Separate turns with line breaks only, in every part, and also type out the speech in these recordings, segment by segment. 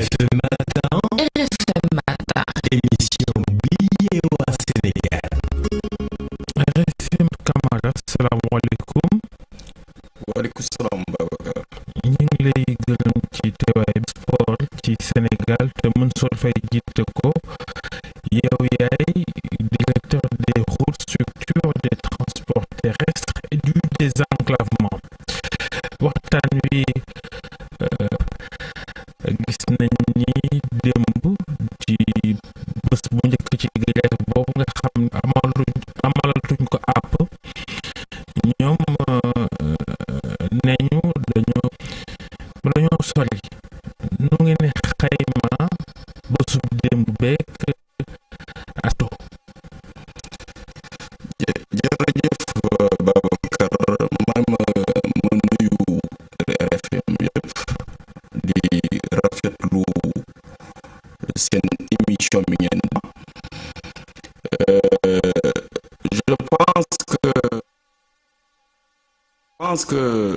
FM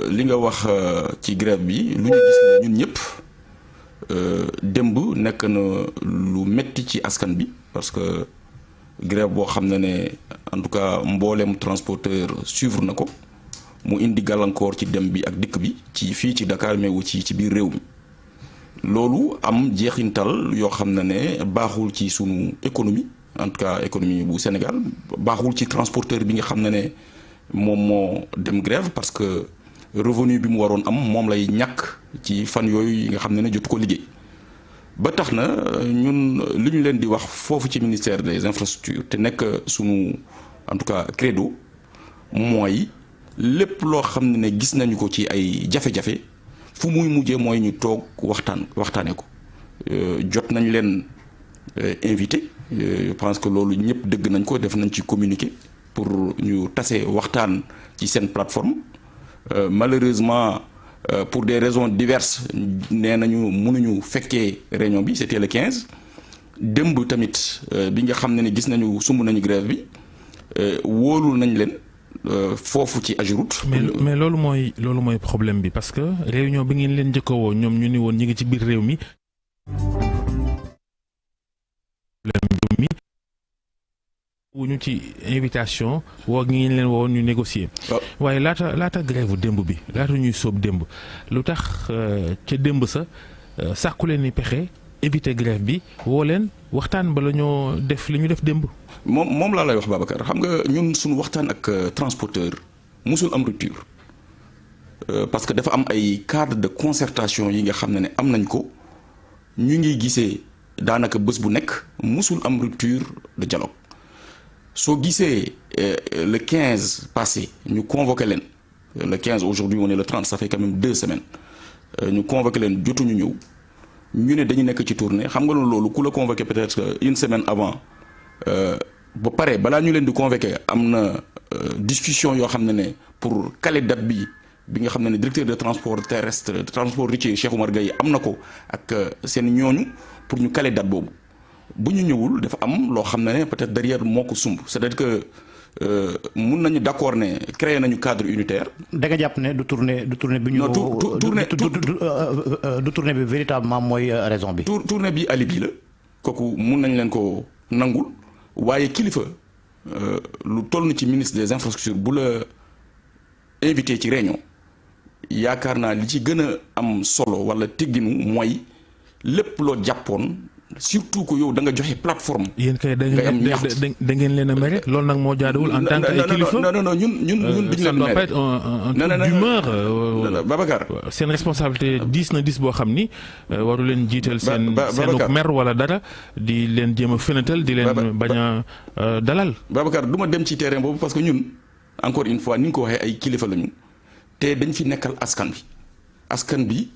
li nga wax euh, ci grève bi lu ñu gis ñun ñëpp euh, démb nekk na lu metti ci askan bi parce que grève boo xam ne ne en tout cas mbooleem transporteur suivre na ko mu indi gàllankoor ci dem bi ak dikk bi ci fii ci Dakar mais ci ci biir réew mi loolu am jeexintal yoo xam ne ne baaxul ci sunu économie en tout cas économie bu Sénégal baaxul ci transporteur bi nga xam ne ne moom moo dem grève parce que revenu bi mu waroon am moom lay ñàkk ci fan yooyu yi nga xam ne ne jotu ko liggéey ba tax na ñun li ñu leen di wax foofu ci ministère des infrastructures te nekk sunu en tout cas credo mooy lépp loo xam ne gis nañu ko ci ay jafe-jafe fu muy mujjee mooy ñu toog waxtaan waxtaanee ko euh, jot nañ leen euh, invité euh, je pense loolu ñëpp dëgg nañ ko def nañ ci communiqué pour ñu tase waxtaan ci seen plateforme Euh, malheureusement euh, pour des raisons diverses nee nañu mënuñu fekkee réunion bi c'était le quinze démb tamit euh, bi nga xam ne ni gis nañu sumb nañu grève bi wóolul nañ leen. foofu ci Ageroute. mais
mais loolu mooy loolu mooy problème bi parce que réunion bi ngeen leen njëkka woo ñoom ñu ni woon ñu ngi ci biir réew mi. wuñu ci invitation woo ngi leen woo ñu négocier ah. waaye laata laata grève démb bi laata ñuy sóob démb lu tax euh, ca démb sa euh, sàkku leen ni pexe éviter grève bi woo leen waxtaan ba la ñoo def li ñu def démb
moom moom laa lay wax Babacar xam nga ñun suñu waxtaan ak euh, transporteur mosul am rupture parce que dafa am ay cadre de concertation yi nga xam ne ne am nañ ko ñu ngi gisee daanaka bés bu nekk mosul am rupture de dialogue soo gisee euh, le 15 passé ñu convoqué leen le 15 aujourd'hui on est le 30 ça fait quand même deux semaines euh, ñu convoqué leen jotuñu ñëw ñu ne dañu nekk ci tournée xam nga loolu ku la convoqué peut-être une semaine avant euh, ba paree balaa ñu leen di convoqué am na discussion yoo xam ne ne pour caler date bi bi nga xam ne ne directeur de transport terrestre transport routier Cheikh Oumar yi am na ko ak seen ñooñu pour ñu caler date boobu. bu ñu ñëwul dafa am loo xam ne peut-être derrière moo ko sumb c'est-à-dire que euh, mun nañu d'accord ne créer nañu cadre unitaire. da nga jàpp ne du tournée du tournée bi ñu. non tu tournée du euh, euh, tournée bi véritablement mooy raison bi. tour tournée bi alibi la kooku mun nañ leen ko nangul waaye kilifa lu toll na ci ministre des infrastructures bu la invité ci réunion yaakaar naa li ci gën a am solo wala tigginu mooy lépp loo jàppoon. surtout que yow da nga joxe plateforme.
yéen kay da ngeen da ngeen leen a mere loolu nag moo jaaduwul en tant que ay kilifa non non non ñun ñun ñun duñ euh, leen mere non euh, euh, seen responsabilité diis na diis boo xam ni waru leen jiital seen seen mer wala dara di leen jéem a fenatal di leen bañ a dalal
Babacar du ma dem ci terrain boobu parce que ñun encore une fois ni nga ko waxee ay kilifa lañu te dañ fi nekkal askan bi askan bi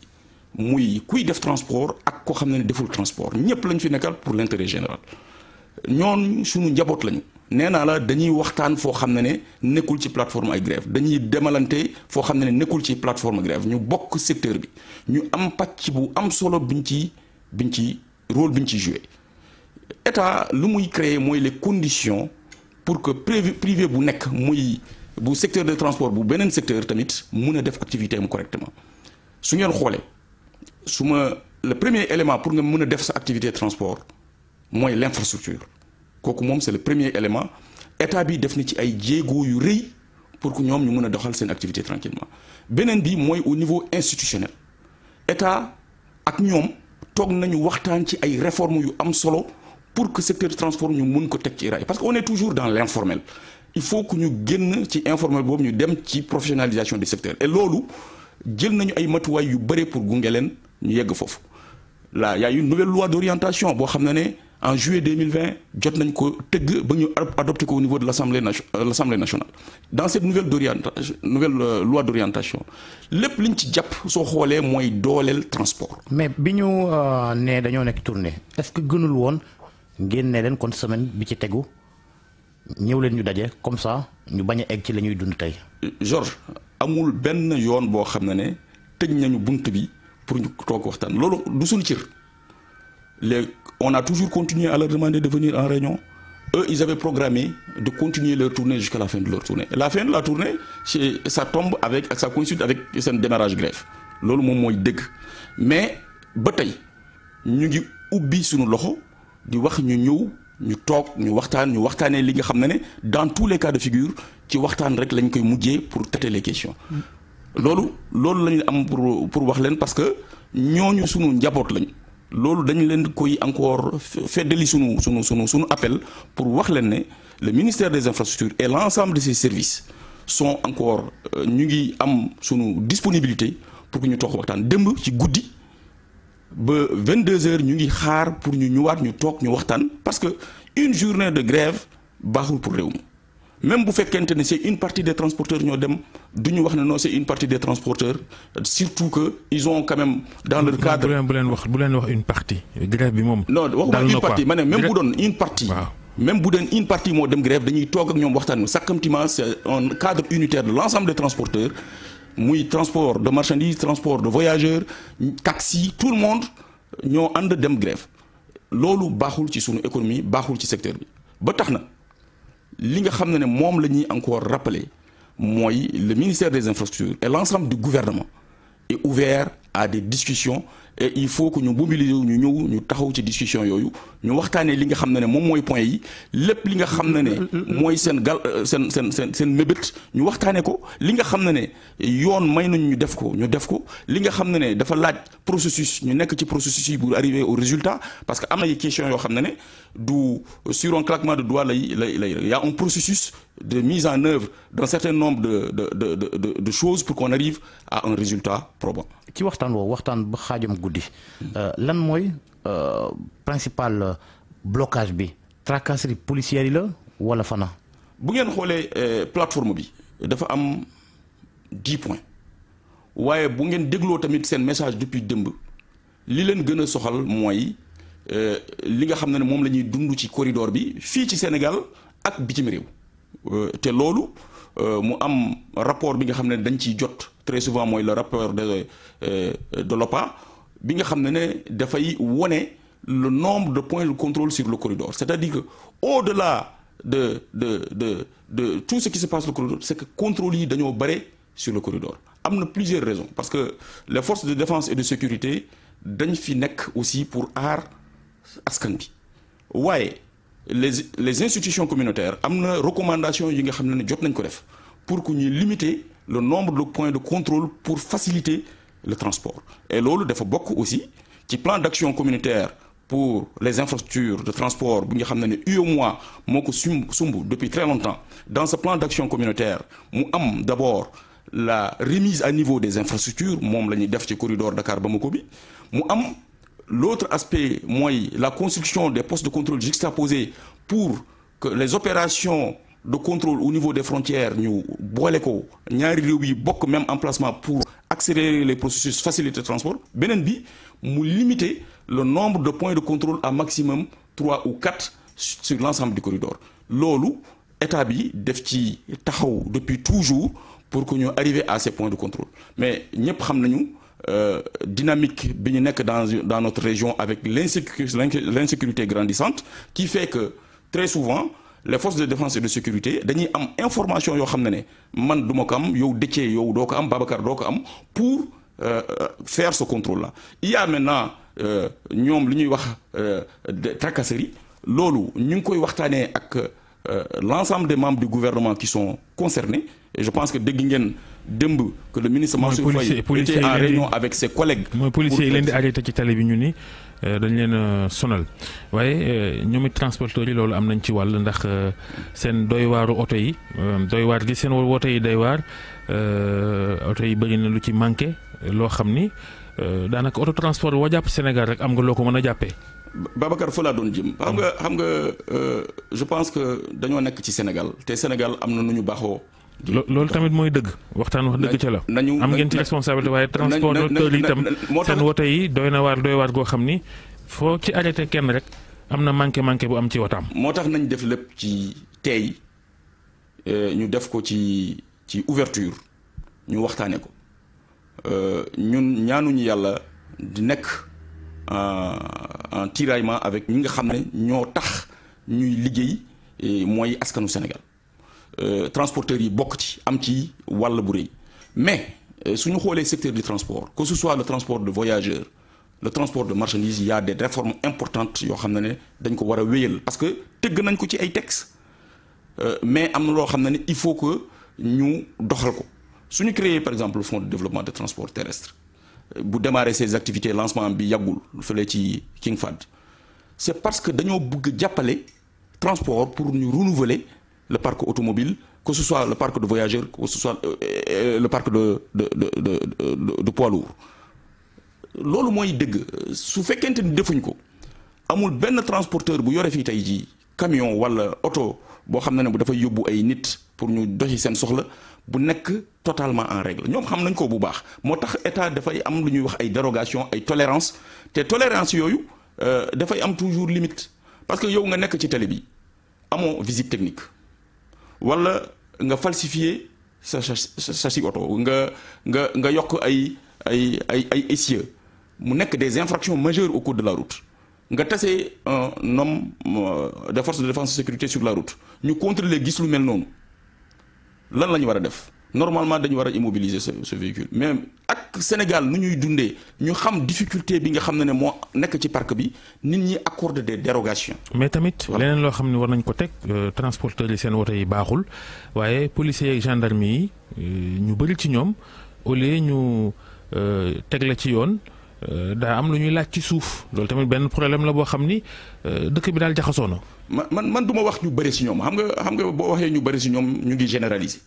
muy kuy def transport ak koo xam ne deful transport ñëpp lañu fi nekkal pour l'intérêt général ñoon suñu njaboot lañu nee naa la dañuy waxtaan foo xam ne ne nekkul ci plateforme ay dañuy demalante foo xam ne nekkul ci plateforme grève ñu bokk secteur bi ñu am pàcc bu am solo biñ ci biñ ci rôle biñ ci joué état lu muy créer mooy les conditions pour que privé bu nekk muy bu secteur de transport bu beneen secteur tamit mun a def activité am correctement xoolee su ma le premier élément pour nga mun a def sa activité transport mooy l'infrastructure kooku moom c'est le premier élément état bi def na ci ay jéego yu rëy pour que ñoom ñu mun a doxal seen activité tranquillement beneen bi mooy au niveau institutionnel état ak ñoom toog nañu waxtaan ci ay réformes yu am solo pour que secteur transport ñu mun ko teg ci raay parce que on est toujours dans l'informel il faut que ñu génn ci informel boobu ñu dem ci professionnalisation du secteur et loolu jël nañu ay matuwaay yu bëre pour gunge leen ñu yegg foofu là yaayu a une nouvelle loi d'orientation boo xam ne ne en juillet 2020 jot nañ ko tëgg ba ñu adopté ko au niveau de l'Assemblée euh, l'Assemblée nationale dans cette nouvelle d'orientation nouvelle euh, loi d'orientation lépp liñ ci jàpp soo xoolee mooy dooleel transport.
mais bi ñu euh, nee dañoo nekk tournée est-ce que gënul woon ngeen
leen kon semaine bi ci tegu ñëw leen ñu daje comme ça ñu bañ a egg ci lañuy ñuy dund tey. Georges. amul benn yoon boo xam ne ne tëj nañu bunt bi pour ñu toog waxtaan loolu du suñu cër léegi on a toujours continuer à leur demander de venir en réunion eux ils avaient programmé de continuer leur tournée jusqu'à la fin de leur tournée la fin de la tournée ça tombe avec ak ça coïncide avec seen démarrage grève loolu moom mooy dëgg mais ba tey ñu ngi ubbi suñu loxo di wax ñu ñëw ñu toog ñu waxtaan ñu waxtaanee li nga xam ne ne dans tous les cas de figure ci waxtaan rek lañ koy mujjee pour traiter les questions loolu loolu lañu am pour pour wax leen parce que ñooñu sunu njaboot lañ loolu dañ leen koy encore feddali sunu sunu sunu sunu appel pour wax leen ne le ministère des infrastructures et l'ensemble de ses services sont encore euh, ñu ngi am sunu disponibilité pour que ñu toog waxtaan démb ci guddi ba 22 heures ñu ngi xaar pour ñu ñëwaat ñu toog ñu waxtaan parce que une journée de grève baaxul pour réew mi même bu fekkente ne c'est une partie des transporteurs ñoo dem du ñu wax ne non c'est une partie des transporteurs surtout que ils ont quand même.
dans leur cadre bu leen wax bu leen wax une partie. grève bi moom. non
waxuma une partie ma ne même bu doon une partie. même bu doon une partie moo dem grève dañuy toog ak ñoom waxtaan bi sàkkamtima c'est un cadre unitaire de l'ensemble des transporteurs. muy transport de marchandises transport de voyageurs taxi tout le monde ñoo ànd dem grève loolu baaxul ci sunu économie baaxul ci secteur bi ba tax na li nga xam ne ne moom la ñuy encore rappeler mooy le ministère des infrastructures et l'ensemble du gouvernement et ouvert à des discussions il faut que ñu mobiliser wu ñu ñëw ñu taxaw ci discussion yooyu ñu waxtaanee li nga xam ne ne moom mooy point yi lépp li nga xam ne ne mooy seen gal euh, seen seen seen seen mébét ñu waxtaanee ko li nga xam ne ne yoon may nañ ñu def ko ñu def ko li nga xam ne ne dafa laaj processus ñu nekk ci processus yi pour arriver au résultat parce que am na question yoo xam ne ne du sur un claquement de doigts lay lay lay y a un processus de mise en œuvre d'un certain nombre de de de de de choses pour qu'on arrive à un résultat probant. ci waxtaan woowu waxtaan ba
xaajam guddi euh, lan mooy euh, principal euh, blocage bi tracasserie policière yi la wala fana
bu ngeen xoolee plateforme bi dafa am dix points waaye bu ngeen dégloo tamit seen message depuis dëmb li leen gën a soxal mooy li nga xam ne moom la ñuy dund ci corridor bi fii ci Sénégal ak bitim réew. Euh, te loolu euh, mu am rapport bi nga xam ne dañ ciy jot très souvent mooy le rapport de euh, de l'OPA bi nga xam ne ne dafay wone le nombre de points de contrôle sur le corridor c'est-à-dire que au-delà de de de de tout ce qui se passe le corridor c'est que contrôle yi dañoo bare sur le corridor am na plusieurs raisons parce que le force de défense et de sécurité dañ fi nekk aussi pour aar askan bi waaye les les institutions communautaires am na recommandation yi nga xam ne jot nañ ko def pour que ñuy limiter le nombre de points de contrôle pour faciliter le transport et loolu dafa bokk aussi ci plan d'action communautaire pour les infrastructures de transport bu nga xam ne ne mois moo ko sumb sumb depuis très longtemps dans ce plan d'action communautaire mu am d'abord la remise à niveau des infrastructures moom la ñuy def ci corridor Dakar Bamako bi mu am l'autre aspect mooy la construction des postes de contrôle juxtaposés pour que les opérations de contrôle au niveau des frontières ñu boole ko ñaari réew yi bokk même emplacement pour accélérer les processus faciliter transport beneen bi mu limiter le nombre de points de contrôle à maximum trois ou quatre sur l'ensemble du corridor loolu état bi def ci taxaw depuis toujours pour que ñu arriver à ces points de contrôle mais ñëpp xam nañu euh, dynamique bi ñu nekk dans dans notre région avec l'insécurité l'insécurité grandissante qui fait que très souvent les forces de défense et de sécurité dañuy am information yoo xam ne ne man duma ko am yow Déthié yow doo ko am Babacar doo ko am pour euh, faire ce contrôle là il y a maintenant euh, ñoom lu ñuy wax euh, tracasserie loolu ñu ngi koy waxtaanee ak Euh, l'ensemble des membres du gouvernement qui sont concernés et je pense que dégg ngeen dëmb que le ministre Mansour Faye était en réunion avec ses collègues mooy policier yi leen di
arrêté ci tali bi ñu nii euh, dañ leen euh, sonal waaye ñoom it transporteurs yi loolu am nañ ci wàll ndax seen doy waaru oto yi doy waar gi seen woto yi doy waar oto yi bëri na lu ci manqué loo xam ni daanaka auto transport woo jàpp Sénégal rek am nga loo ko mën a jàppee
Babacar fa laa doon jëm. xam nga xam nga euh, je pense que dañoo nekk ci Sénégal te Sénégal am na nu ñu baaxoo.
loolu tamit mooy dëgg waxtaan wax dëgg ca la am ngeen ci responsabilité waaye transporteur yi tam seen woto yi doy na waar doy waar goo xam ni foo ci arrêté kenn rek am na manqué manqué bu am ci wotaam
moo tax nañ def lépp ci tey euh, ñu def ko ci ci ouverture ñu waxtaane ko euh, ñun ñaanuñu yàlla di nekk en euh, en tiraillement avec ñi nga xam ne ñoo tax ñuy liggéey mooy askanu Sénégal euh, transporteurs yi bokk ci am ci wàll bu rëy mais euh, su ñu xoolee secteur du transport que ce soit le transport de voyageurs le transport de marchandises y a des réformes importantes yoo xam ne ne dañ ko war a wéyal parce que tëgg nañ ko ci ay textes mais am na loo xam ne ne il faut que ñu doxal ko su ñu créer par exemple le fonds de développement de transport terrestre bu démarrer ses activités lancement bi yàggul fële ci King Fahd c' est parce que dañoo bugg jàppale transport pour ñu renouveler le parc automobile que ce soit le parc de voyageurs que ce soit euh, euh, le parc de de de de de, de poids lourd loolu mooy dëgg su fekkente ni defuñ ko amul benn transporteur bu yore fi tey jii camion walla oto boo xam ne ne bu dafay yóbbu ay nit pour ñu doxi seen soxla bu nekk totalement en règle ñoom xam nañ ko bu baax moo tax état dafay am lu ñuy wax ay dérogation ay tolérance te tolérance yooyu euh, dafay am toujours limite parce que yow nga nekk ci télé bi amoo visite technique wala nga falsifier sa sa si oto nga nga nga yokk ay ay ay ay essieux mu nekk des infractions majeures au cours de la route nga tase un homme euh, de force de défense et sécurité sur la route ñu contrôler gis lu mel noonu lan la ñu war a def normalement dañu war a immobiliser ce ce véhicule mais ak Sénégal nu ñuy dundee ñu xam difficulté bi nga xam ne ne moo nekk ci parc bi nit ñi accorde des dérogation
mais tamit leneen loo xam ne war nañ ko teg euh, transporteurs yi seen woto yi baaxul waaye policiers yeeg gendarmerie yi euh, ñu bëri ci ñoom au lieu ñu euh, teg la ci yoon. Euh, daa am lu ñuy laaj ci suuf loolu tamit benn problème la boo xam ni euh, dëkk bi daal jaxasoo na. man
man man du ma wax ñu bëri si ñoom xam nga xam nga boo waxee ñu bëri si ñoom ñu ngi généraliser.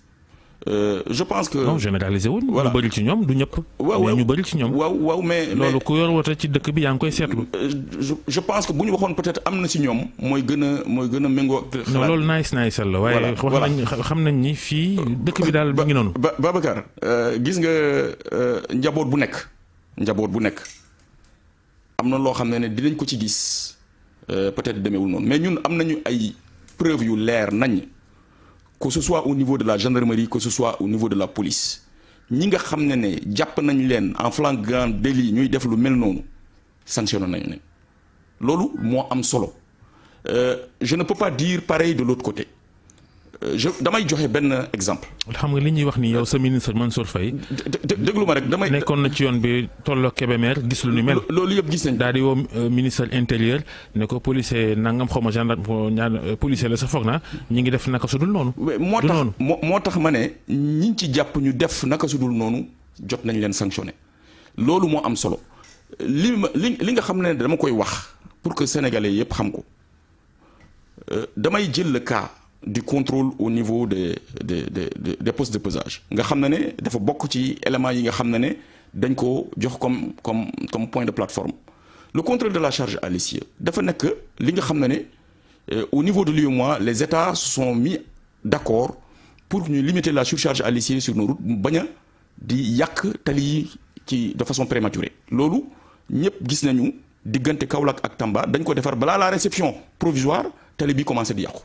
Euh, je pense que non généraliser wuñ. voilà ñu
bëri ci ñoom du ñëpp.
waaw waaw ñu bëri ci ñoom. waaw waaw mais loolu ku
yor woto ci dëkk bi yaa ngi koy seetlu.
je je pense que bu ñu waxoon peut-être am na si ñoom. mooy gën a mooy gën a méngoo. xalaat
loolu nice nice la waaye. wax nañ xam nañ ni fii dëkk bi daal mi ngi
noonu. ba Babacar gis nga njaboot bu nekk njaboot bu nekk am na loo xam ne ne dinañ ko ci gis euh, peut-être demeewul noonu mais ñun am nañu ay preuve yu leer nañ que ce soit au niveau de la gendarmerie que ce soit au niveau de la police ñi nga xam ne ne jàpp nañ leen en flagrant délit ñuy def lu mel noonu sanctionné nañ leen loolu moo am solo euh, je ne peux pas dire pareil de l'autre côté damay joxe benn exemple.
xam nga li ñuy wax ni yow sa ministre Mansour Faye. déglu ma rek damay nekkoon na ci yoon bi tolloo Kébémer gis lu ni mel. loolu yëpp gis nañ daal di woo euh, ministre intérieur ne ko policier nangam xaw ma gendarme ñaar euh, policier la sa foog na ñi ngi def naka su dul noonu. moo tax moo tax ma ne ñi
ci jàpp ñu def naka su dul noonu jot nañ leen sanctionné loolu moo am solo li ma li li nga xam ne dama koy wax pour que sénégalais yëpp xam ko euh, damay jël le cas. du contrôle au niveau des de de de postes de pesage nga xam ne ne dafa bokk ci éléments yi nga xam ne ne dañ ko jox comme comme comme point de plateforme le contrôle de la charge à l'essieu dafa nekk li nga xam ne ne euh, au niveau de mois les états se sont mis d'accord pour ñu limiter la surcharge à l'essieu sur nos routes bañ a di yàq tali yi ci de façon prématurée loolu ñëpp gis nañu diggante Kaolack ak Tamba dañ ko defar balaa la réception provisoire tali bi commencé di yàqu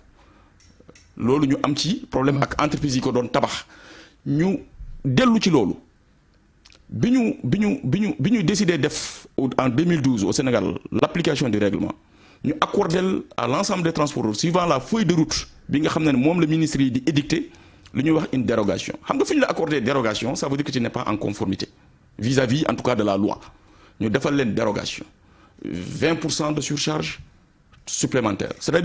loolu ñu am ci problème ak entreprise yi ko doon tabax ñu dellu ci loolu bi ñu bi ñu bi ñu bi ñu décidé def au en 2012 au Sénégal l'application du règlement ñu accordel à l'ensemble des transporteurs suivant la feuille de route bi nga xam ne moom la ministre yi di édicter lu ñuy wax une dérogation xam nga fi ñu la accordé dérogation ça veut dire que tu n'es pas en conformité vis-à-vis en tout cas de la loi ñu defal leen dérogation 20 pour cent de surcharge supplémentaire cest à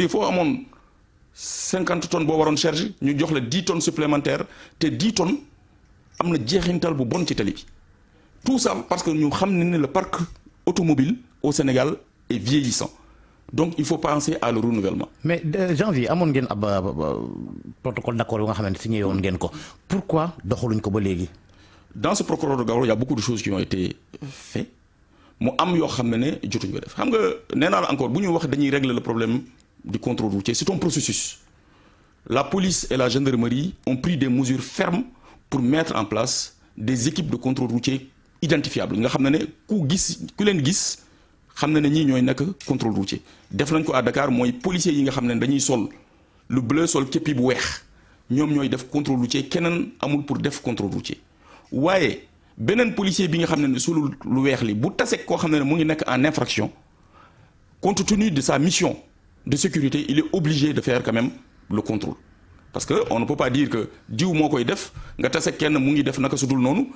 cinquante tonnes boo waroon charge ñu jox la dix tonnes supplémentaires te dix tonnes am na jeexintal bu bon ci tali bi tout ça parce que ñu xam ne ne le parc automobile au Sénégal est vieillissant donc il faut penser à le renouvellement.
mais euh, janvier amoon ngeen ab euh, euh, protocole d' accord yu nga xamante ne signé woon ngeen ko pourquoi
doxaluñ ko ba léegi. dans ce protocole d'accord y' a beaucoup de choses qui ont été faites mu am yoo xam ne ne jotuñ ko def xam nga nee naa la bu ñu wax dañuy régler le problème. du contrôle routier. C'est ton processus. La police et la gendarmerie ont pris des mesures ferme pour mettre en place des équipes de contrôle routier identifiables nga xam ne ne ku gis ku leen gis xam na ne ñi ñooy nekk contrôle routier def nañ ko à Dakar mooy policier yi nga xam ne dañuy sol lu bleu sol képpi bu weex ñoom ñooy def contrôle routier keneen amul pour def contrôle routier waaye beneen policier bi nga xam ne solul lu weex li bu tase koo xam ne ne mu ngi nekk en infraction compte de sa mission de sécurité il est obligé de faire quand même le contrôle parce que on ne peut pas dire que diw moo koy def nga tase kenn mu ngi def naka sudul noonu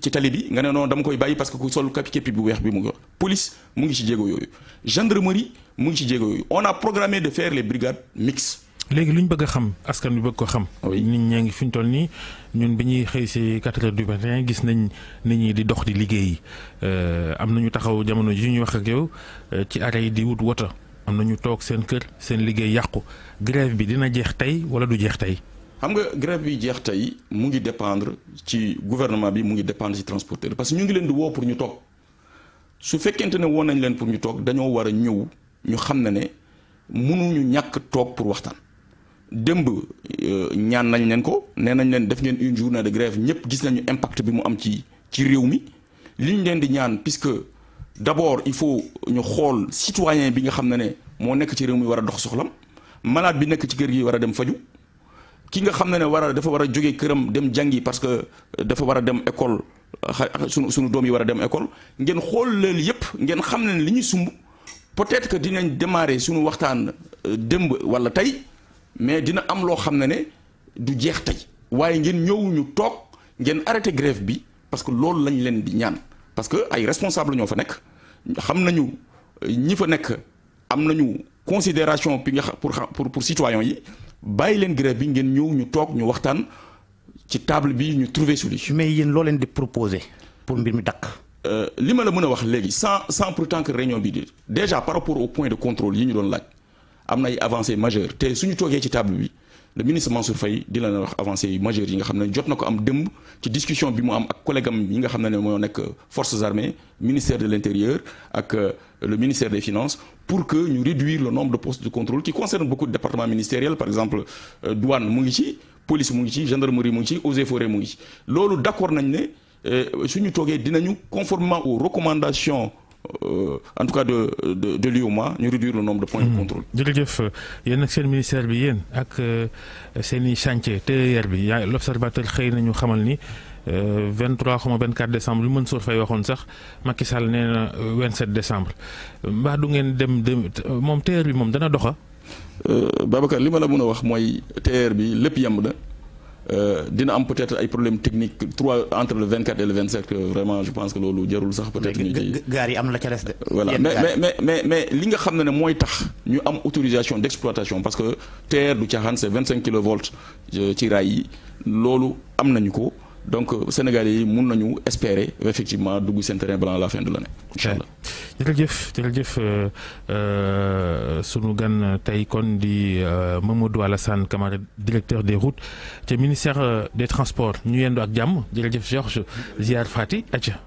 ci tali bi nga ne noonu dama koy bàyyi parce que ku sol kapi bu weex bi mu ngi police mu ngi ci jéego yooyu gendarmerie mu ngi ci jéego yooyu on a programmé de faire les brigades
mixtes. léegi lu ñu bëgg a xam askan bi bëgg ko xam. nit ñaa ngi fi ñu toll nii ñun bi ñuy xëy si quatre heures du matin gis nañ nit ñi di dox di liggéey euh, am nañu taxaw jamono ji ñuy wax ak euh, ci arrêt yi di wut wota. am ñu toog seen kër seen liggéey yàqu grève bi dina jeex tey wala du jeex tey.
xam nga grève bi jeex tey mu ngi dépendre ci gouvernement bi mu ngi dépendre ci transporteur parce que ñu ngi leen di woo pour ñu toog su fekkente ne woon nañ leen pour ñu toog dañoo war a ñëw ñu xam ne ne ñu ñàkk toog pour waxtaan. démb euh, ñaan nañ leen ko neen nañ leen def ngeen une journée de grève ñëpp gis nañu impact bi mu am ci ci réew mi liñ leen di ñaan puisque d'abord il faut ñu xool citoyen bi nga xam ne ne moo nekk ci réew mi war a dox soxlam malaat bi nekk ci kër gi war a dem faju ki nga xam ne ne war a dafa war a jóge këram dem jàngi parce que dafa war a dem école sunu suñu doom yi war a dem école ngeen xool loolu yépp ngeen xam ne li ñu sumb peut-être que dinañ démarrer suñu waxtaan euh, dëmb walla tey mais dina am loo xam ne ne du jeex tey waaye ngeen ñëwuñu toog ngeen arrêté grève bi parce que loolu lañ leen di ñaan parce que ay responsable ñoo fa nekk xam nañu euh, ñi fa nekk am nañu considération bi nga pour pour pour citoyens yi bàyyi leen grève bi ngeen ñëw ñu toog ñu waxtaan ci table bi ñu trouver solution. mais yéen loo leen di proposer pour mbir mi dakk euh, li ma la mën a wax léegi sans sans pourtant que réunion bi di déjà par rapport au point de contrôle yi ñu doon laaj am na ay avancées majeures te suñu toogee ci table bi le ministre Mansour Faye di la na wax avancées majeures yi nga xam ne jot na ko am dëmb ci discussion bi mu am ak collègue yi nga xam ne moo nekk forces armées ministère de l'intérieur ak euh, le ministère des finances pour que ñu réduire le nombre de postes de contrôle qui concernent beaucoup de départements ministériels par exemple euh, douane mu ngi ci police mu ngi ci gendarmerie mu ngi ci eaux et mu ngi ci loolu d'accord nañ ne euh, suñu toogee dinañu conformément aux recommandations Euh, en tout cas de de de l'UEMOA ñu réduire le nombre de points de hmm. contrôle.
jërëjëf yéen ak seen ministère bi yéen ak euh, seen i chantier TER bi yaa l'observateur xëy na ñu xamal ni. Euh, vingt 23 xaw ma 24 décembre lu Mansour Faye waxoon sax Macky Sall nee na 27 euh, décembre mbaa du ngeen dem dem moom TER bi moom dana doxa euh,
Babacar li ma la mën a wax mooy TER bi lépp yemb na dina am peut-être ay problèmes technique trois entre le 24 et le 27 vraiment je pense que loolu jarul sax peut-être ñu ciy
gaar yi am la ca de voilà mais
mais mais li nga xam ne ne mooy tax ñu am autorisation d'exploitation parce que TER du caaxaan c'est 25 kilovolts ci raay yi loolu am nañu ko donc euh, sénégal yi mun nañu espérer effectivement dugg seen terrain blanc la fin de l'année
incha allah jërëjëf jërëjëf euh, euh, sunu gan tey kon di Mamadou Alassane Camara directeur des routes te ministère des transport ñu yendu ak jàmm jërëjëf Georges Ziar Fati aca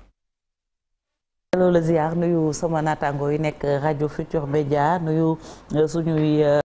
loolu nuyu sama naataango yi nekk rajo Futur Média nuyu suñuy